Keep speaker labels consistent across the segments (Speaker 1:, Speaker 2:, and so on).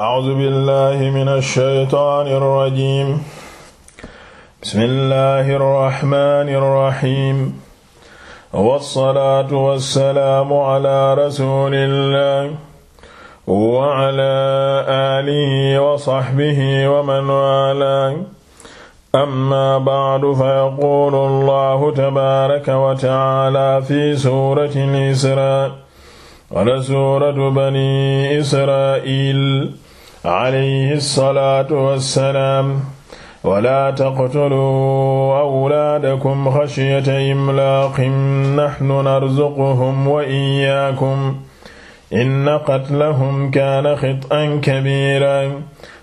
Speaker 1: A'uuzu billaahi mina shaytaani rajiim. Bismillaahi rahmaani rahiim. Wassalaatu wassalaamu alaa rasuulillaahi wa alaa aalihi wa sahbihi wa man waalaahu. Ammaa ba'du fayaquulu Allaahu tabaaraka wa ta'aalaa fi suuratil Israa wala suuratu banii Israa'iil. alayhi salaatu wassalaam wala taqtuluu awlaadakum xashyata imlaaqin naxnu narzuquhum wa iyyaakum inna qatlahum kaana xit'an kabiira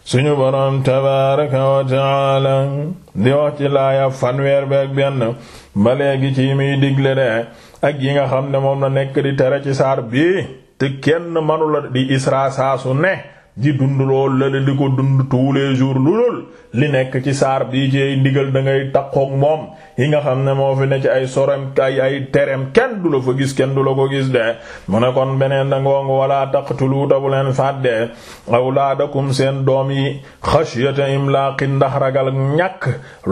Speaker 1: suñu boroom tabaaraka wa ta'aala di wax ci laaya fanweer beeg benn ba léegi ci muy digle de ak yi nga xam ne moom la nekk di tere ci saar bii te kenn mënu la di isra saa su ne di dund lool la di ko dund tous les jours lu lool li nekk ci saar bi ci ay ndigal da ngay takkook moom yi nga xam ne moo fi ne ci ay sorem ay ay terem kenn du la fa gis kenn du la ko gis de mu ne kon beneen da ngoong wala taqtulu ta bu leen fàtte awlaadakum seen doom yi xashyata imlaaqin ndax ragal ñàkk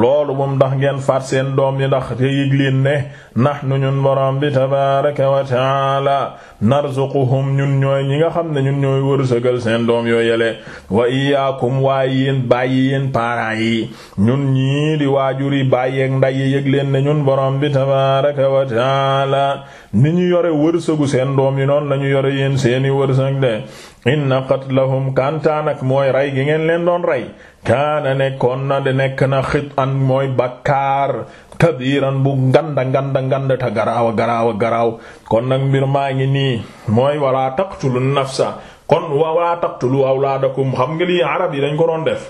Speaker 1: loolu moom ndax ngeen faat seen doom yi ndax te yëg leen ne nahnu ñun borom bi tabaaraka wa taala narzuquhum ñun ñooy ñi nga xam ne ñun ñooy wërsëgal yooyale wa iyaakum waaye yéen bàyyi yéen parents yi ñun ñii di waajur yi bàyyeek nday yi yëg leen ne ñun borom bi tabaaraka wa taala ni ñu yore wërsëgu seen doom yi noonu lañu yore yéen seeni wërsëg de inna qatlahum kantaan ak mooy rey gi ngeen leen doon rey kaana nekkoon na de nekk na xit an mooy bakkaar kabiran bu nganda nganda nganda ta garaawa garaawa garaaw kon nag mbir maa ngi nii mooy wala taqtulu nafsa kon waaw wala taqtulu awlaadakum xam nga lii arab yi dañ ko doon def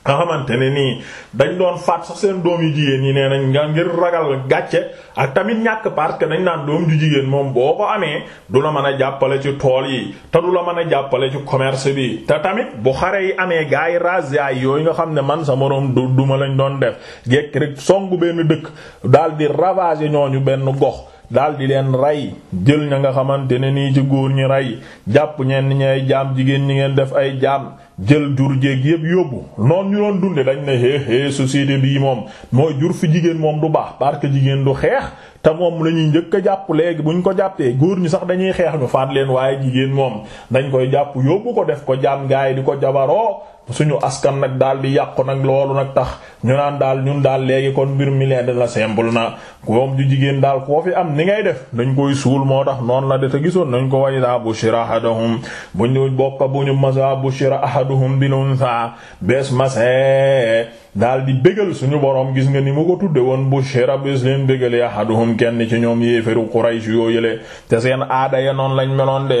Speaker 1: nga xamante ne nii dañ doon faat sax seen doom yu jigéen ñi nee nañ nga ngir ragal gàcce ak tamit ñàkk park que dañ naan doom ju jigéen moom boo ko amee du la mën a jàppale ci tool yi te du la mën a jàppale ci commerce bi te tamit bu xare yi amee gars yi razia yooyu nga xam ne man sa moroom du duma lañ doon def gekk rek songu benn dëkk daal di ravager ñooñu benn gox daal di leen rey jël ña nga xamante ne nii ci góor ñi rey jàpp ñenn ñi ay jaam jigéen ñi ngeen def ay jaam jël jur jéeg yépp yóbbu noonu ñu doon dunde dañ ne hé hé société bii moom mooy jur fi jigéen moom du baax park que jigéen du xeex te moom la ñuy njëkk a jàpp léegi bu ñu ko jàppee góor ñi sax dañuy xeex ñu faat leen waaye jigéen moom dañ koy jàpp yóbbu ko def ko jaam gaay di ko jabaroo suñu askan nag daal di yàqu nag loolu nag tax ñu naan daal ñun daal léegi kon mbir mi leen la simple na koom ju jigéen daal koo fi am ni ngay def dañ koy suul moo tax noonu la de te gisoon nañ ko wa idaa bushira ahaduhum bu ñu bokk bu ñu masa bushira ahaduhum bil unsa bees masee daal di bégal suñu borom gis nga ni mu ko tudde woon bushira bés leen bégalee ahaduhum kenn ci ñoom yéefaru Quraysh yoo yële te seen aada ya noonu lañ meloon de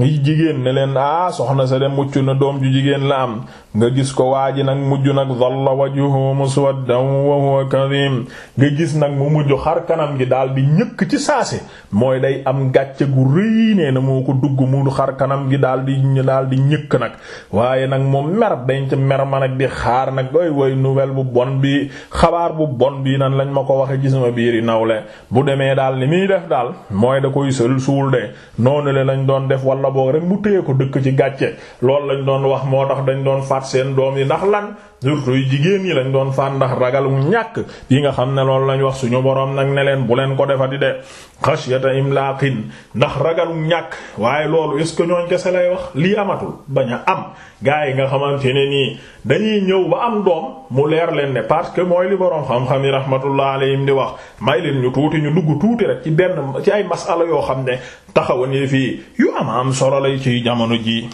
Speaker 1: yi jigéen ne leen ah soxna sa de mucc na doom ju jigéen la nga gis ko waa ji nag mujj nag dhalla wajhuhu muswaddan wa huwa kadhim nga gis nag mu mujj xar kanam gi daal di ñëkk ci saase mooy day am gàcce gu rëy nee na moo ko dugg mu xar kanam gi daal di daal di ñëkk nag waaye nag moom mer dañ ci mer ma nag di xaar nag ay way nouvelle bu bon bi xabaar bu bon bii nan lañ ma ko waxe gis ma biiri nawle bu demee daal li muy def daal mooy da koy sël suul de noonu le lañ doon def walla boog rek mu téye ko dëkk ci gàcce loolu lañ seen doom yi ndax lan surtout yi jigéen ñi lañ doon faat ndax ragal mu ñàkk yi nga xam ne loolu lañ wax suñu boroom nag ne leen bu leen ko defati de laa imlaaqin ndax ragal mu ñàkk waaye loolu is ce que ñooñ kese lay wax lii amatul bañ a am gaa yi nga xamante ne nii dañuy ñëw ba am doom mu leer leen ne parce que mooy li boroom xam-xam yi rahmatullah alayhim di wax may leen ñu tuuti ñu dugg tuuti rek ci benn ci ay masala yoo xam ne taxawa ne fii yu am am solo lay ci jamono ji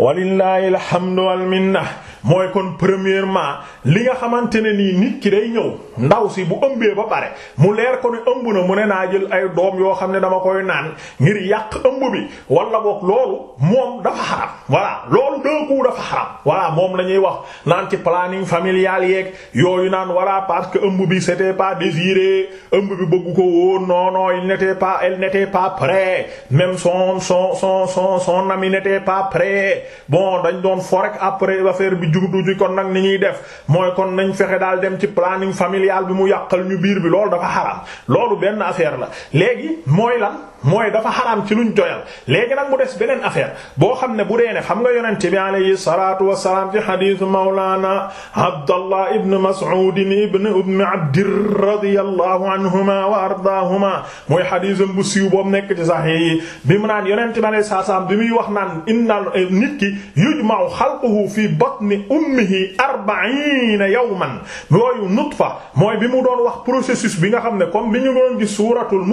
Speaker 1: walillahi alhamdu wal minna mooy kon premièrement li nga xamante ne nii nit ki day ñëw ndaw si bu ëmbee ba pare mu leer ko ne ëmb na mu ne naa jël ay doom yoo xam ne dama koy naan ngir yàq ëmb bi wala boog loolu moom dafa xaram voilà loolu dëkku dafa xaram voilà moom la ñuy wax naan ci planning familial yeeg yooyu naan voilà parce que ëmb bi c'était pas désiré ëmb bi bëggu ko woon non non il n'était pas elle n'était pas prêt même son son son son son ami n'était pas prêt bon dañ doon forek après affaire bi ci juddu ci kon nag ni ñuy def mooy kon nañ fexe daal dem ci planning familial bi mu yàqal ñu biir bi lool dafa xaram loolu benn affaire la léegi mooy la mooy dafa xaram ci luñ doyal léegi nag mu des beneen affaire boo xam ne bu dee ne xam nga yonent bi alayhi salaatu wa salaam ci xadiisu Mawlaana Abdallah ibn Mas'ud ibn Umm Abd radiyallahu anhuma wa ardaahuma mooy xadiisam bu siiw boobu nekk ci Sahih yi bi mu naan yonent bi alayhi salaatu wa salaam bi muy wax naan inna nit ki yujma'u xalquhu fi batni min ummihi arba'iina yawman yooyu nutfa mooy bi mu doon wax processus bi nga xam ne comme bi ñu doon gis suuratul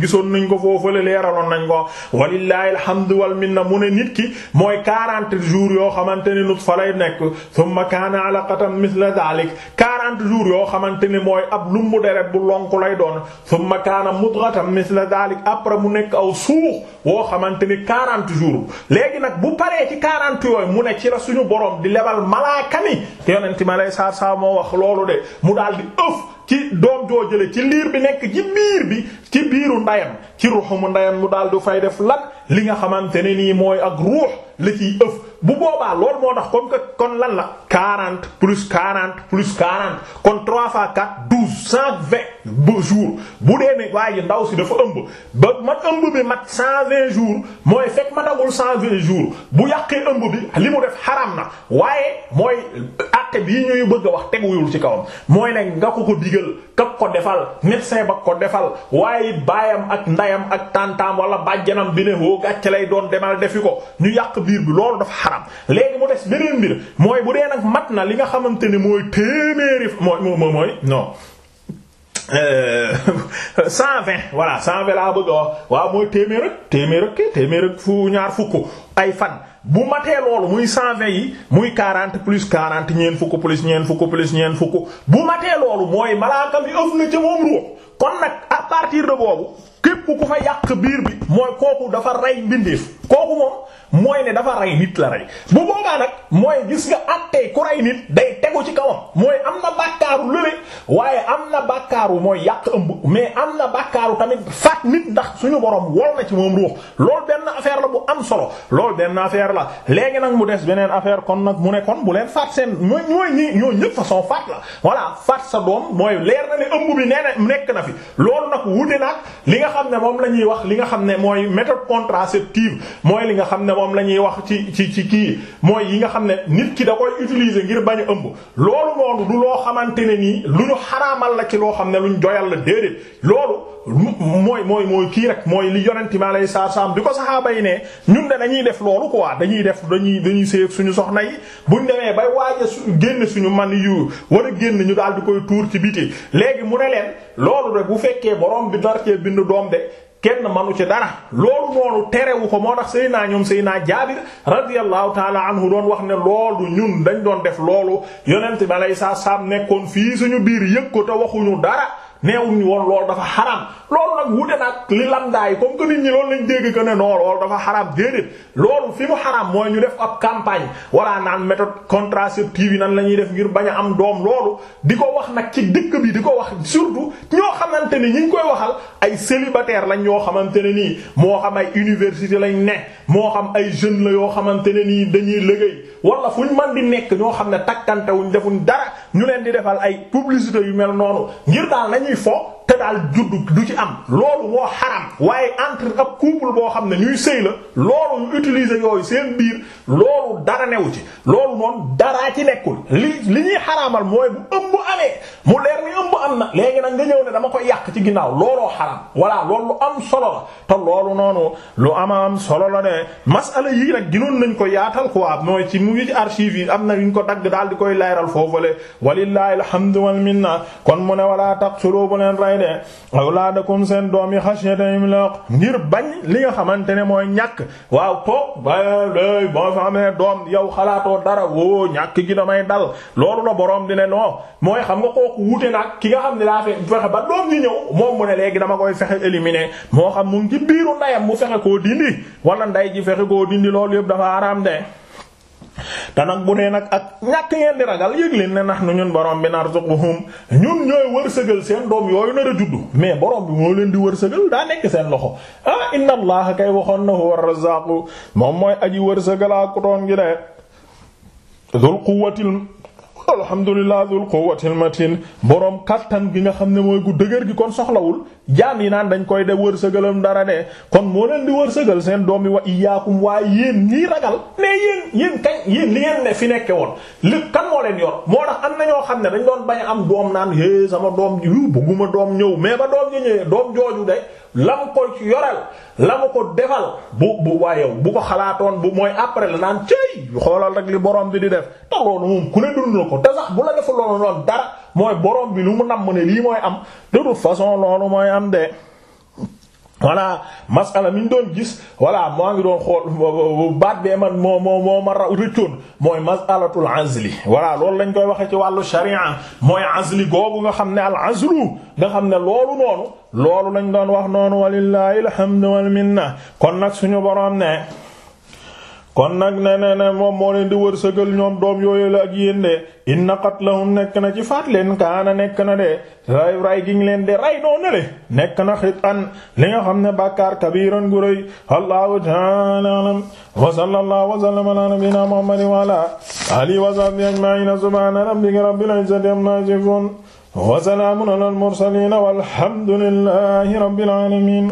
Speaker 1: gisoon nañ ko foofu la leeraloon nañ ko walillaahi alhamdu wal minna mu ne nit ki mooy quarante jours yoo xamante ne nutfa lay nekk summa kaana alaqatan misla daalik quarante jours yoo xamante ne mooy ab lumbu deret bu lonku lay doon summa kaana mudghatan misla daalik après mu nekk aw suux woo xamante ni quarante jours léegi nag bu paree ci quarante mu ne ci suñu borom di lebal malaaka mi yonent ma lay saar saa moo wax loolu de mu daal di ëf ci doom joo jële ci liir bi nekk ci biir bi ci biiru ndayam ci ruuxumu ndayam mu daal du fay def lan li nga xamante ne nii mooy ak ruux la ci ëf bu boobaa loolu moo tax comme kon lan la 40 plus 40 plus 40 kon 3 fois 4 12 120 ba jour bu dee ne waaye ndaw si dafa ëmb ba mat ëmb bi mat 120 jours mooy fekk ma dagul 120 jour bu yàqee ëmb bi li mu def xaram na waaye mooy acte bii ñuy bëgg a wax teguwul ci kawam jël kak ko defal médecin ba ko defal waaye baayam ak ndayam ak tantaam wala bàjjanam bi ne woo gàcce lay doon demal defi ko ñu yàq biir bi loolu dafa xaram léegi mu des beneen mbir mooy bu dee nag mat na li nga xamante ne mooy téeméeri mooy mooy mooy non. Euh, cent vingt voilà cent vingt laa bëgg wax waaw mooy téeméer ak téeméer ak fu ñaar fukk ay fan bu matee loolu muy cent yi muy quarante plus quarante ñeent fukk plus ñeent fukk plus ñeent fukk bu matee loolu mooy malaaka mi ëf na ca moom ruux kon nag à partir de boobu képp ku fa yàq biir bi mooy kooku dafa rey mbindeef kooku moom mooy ne dafa rey nit la rey bu boobaa nag mooy gis nga àttee ku rey nit day tegu ci kawam mooy am na bàkkaaru lële waaye am na bàkkaaru mooy yàq ëmb mais am na bàkkaaru tamit faat nit ndax suñu borom wol na ci moom ruux loolu benn affaire la bu am solo loolu affaire la léegi nag mu des beneen affaire kon nag mu nekkoon bu leen faat seen mooy ñooy ñoo ñëpp façon faat la voilà faat sa doom mooy leer na ne ëmb bi nee nekk na fi loolu nag wute nag li nga xam ne moom la ñuy wax li nga xam ne mooy méthode contraceptive mooy li nga xam ne moom la ñuy wax ci ci ci kii mooy yi nga xam ne nit ki da koy utiliser ngir bañ ëmb loolu noonu du loo xamante ne nii lu ñu xaraamal la ci loo xam ne luñ joyal la déedéet loolu mooy mooy mooy kii rek mooy li yonent mi alayhi salaam bi ko saxaaba yi ne ñun de dañuy def loolu quoi dañuy def dañuy dañuy suñu soxna yi buñ demee bay génn suñu man yu war a ñu daal di koy tuur ci biti léegi mu ne loolu de bu fekkee borom bi nar cee bind doom de. kenn manu ci dara loolu terewu ko moo tax Seydina ñoom Seydina Jaabir radiyallahu taala anhu doon wax ne loolu ñun dañ doon def loolu yonent bi alayhi salaam nekkoon fii suñu biir yëg ko te waxuñu dara neewuñ ñu woon loolu dafa xaram loolu nag wute nag li lamdaay comme ko nit ñi loolu lañ dégg que ne non loolu dafa xaram déedéet loolu fi mu xaram mooy ñu def ab campagne walla naan méthode contraceptive yi nan la ñuy def ngir bañ a am doom loolu di ko wax nag ci dëkk bi di ko wax surtout ñoo xamante ni ñu ngi koy waxal ay célibataire lañ yoo xamante ne nii moo xam ay université lañ ne moo xam ay jeunes la yoo xamante ne nii dañuy liggéey wala fu ñu mën di nekk ñoo xam ne takkante defuñ dara ñu leen di defal ay publicité yu mel noonu ñuy fo te daal juddu du ci am loolu moo xaram waaye entre ab couple boo xam ne ñuy sëy la loolu ñu utiliser yooyu seen biir loolu dara newu ci loolu noonu daraa ci nekkul li li ñuy xaraamal mooy bu ëmb amee mu leer ni ëmb am na léegi nag nga ñëw dama koy yàq ci ginnaaw looloo xaram voilà loolu lu am solo la te loolu noonu lu ama am solo la ne masala yii nag ginoon nañ ko yaatal quoi mooy ci mu ngi ci am na yuñ ko dagg daal di koy leeral foofule walillahi de awlaadakum seen doom yi xashyata imlaq ngir bañ li nga xamante ne mooy ñàkk waaw toog ba léy boo fa xamee doom yow xalaatoo dara woo ñàkk gi damay dal loolu la boroom di ne non mooy xam nga kooku wute nag ki nga xam ne daa fexe ba doom ñi ñëw moom mu ne léegi dama koy fexe éliminer moo xam mu ngi ci biiru ndeyam mu fexe koo dindi wala nday ji fexe koo dindi loolu yëpp dafa araam de te nag bu dee nag ak ñàkk ngeen di ragal yëg leen ne nax nu ñun borom bi narzuquhum ñun ñooy wërsëgal seen doom yooyu nar a juddu mais borom bi moo leen di wërsëgal daa nekk seen loxo ah inna allah kay waxoon na huwa ar moom mooy aji wërsëgal ak doon gi de dul quwwatil alhamdulilah dul quwwatil matin boroom kattan gi nga xam ne mooy gu dëgër gi kon soxlawul jaam yi naan dañ koy de wërsëgalam dara de kon moo leen di wërsëgal seen doom yi wa iyyaakum waaye yéen ñii ragal mais yéen yéen kañ li ngeen ne fi nekke woon li kan moo leen yor moo tax am na ñoo xam ne dañ doon ba a am doom naan é sama doom yu bëgguma doom ñëw mais ba doom ji ñëwee doom jooju de la mu ko yoreel la mu ko defal bu bu waayow bu ko xalaatoon bu mooy après la naan cey xoolal rek li borom bi di def te loolu moom ku ne dund na ko te sax bu la defa loolu loon dara mooy borom bi lu mu nam ne lii mooy am de toute façon loolu mooy am de voilà masala mi ñu doon gis voilà maa ngi doon xool baat moo moo moo ma rëccoon mooy masalatul loolu lañ koy waxee ci wàllu sharia mooy azli googu nga xam ne al azlu nga xam ne loolu noonu loolu lañ doon wax noonu walillahi alhamdu wal kon nag suñu borom ne kon nag ne ne ne moom moo leen di wërsëgal ñoom doom yooyu la ak yéen de inna qatlahum nekk na ci faat leen kaana nekk na de ray ray gi ñu leen de ray noo ne le nekk na xitan li nga xam ne bàkkaar kabiran gu rëy allahu ta'ala alam wa sallallahu wa sallama ala nabiyyina muhammadin wa ala alihi wa sahbihi ajma'ina subhana rabbika rabbil izzati amma yasifun wa salamun ala al mursalin walhamdulillahi rabbil alamin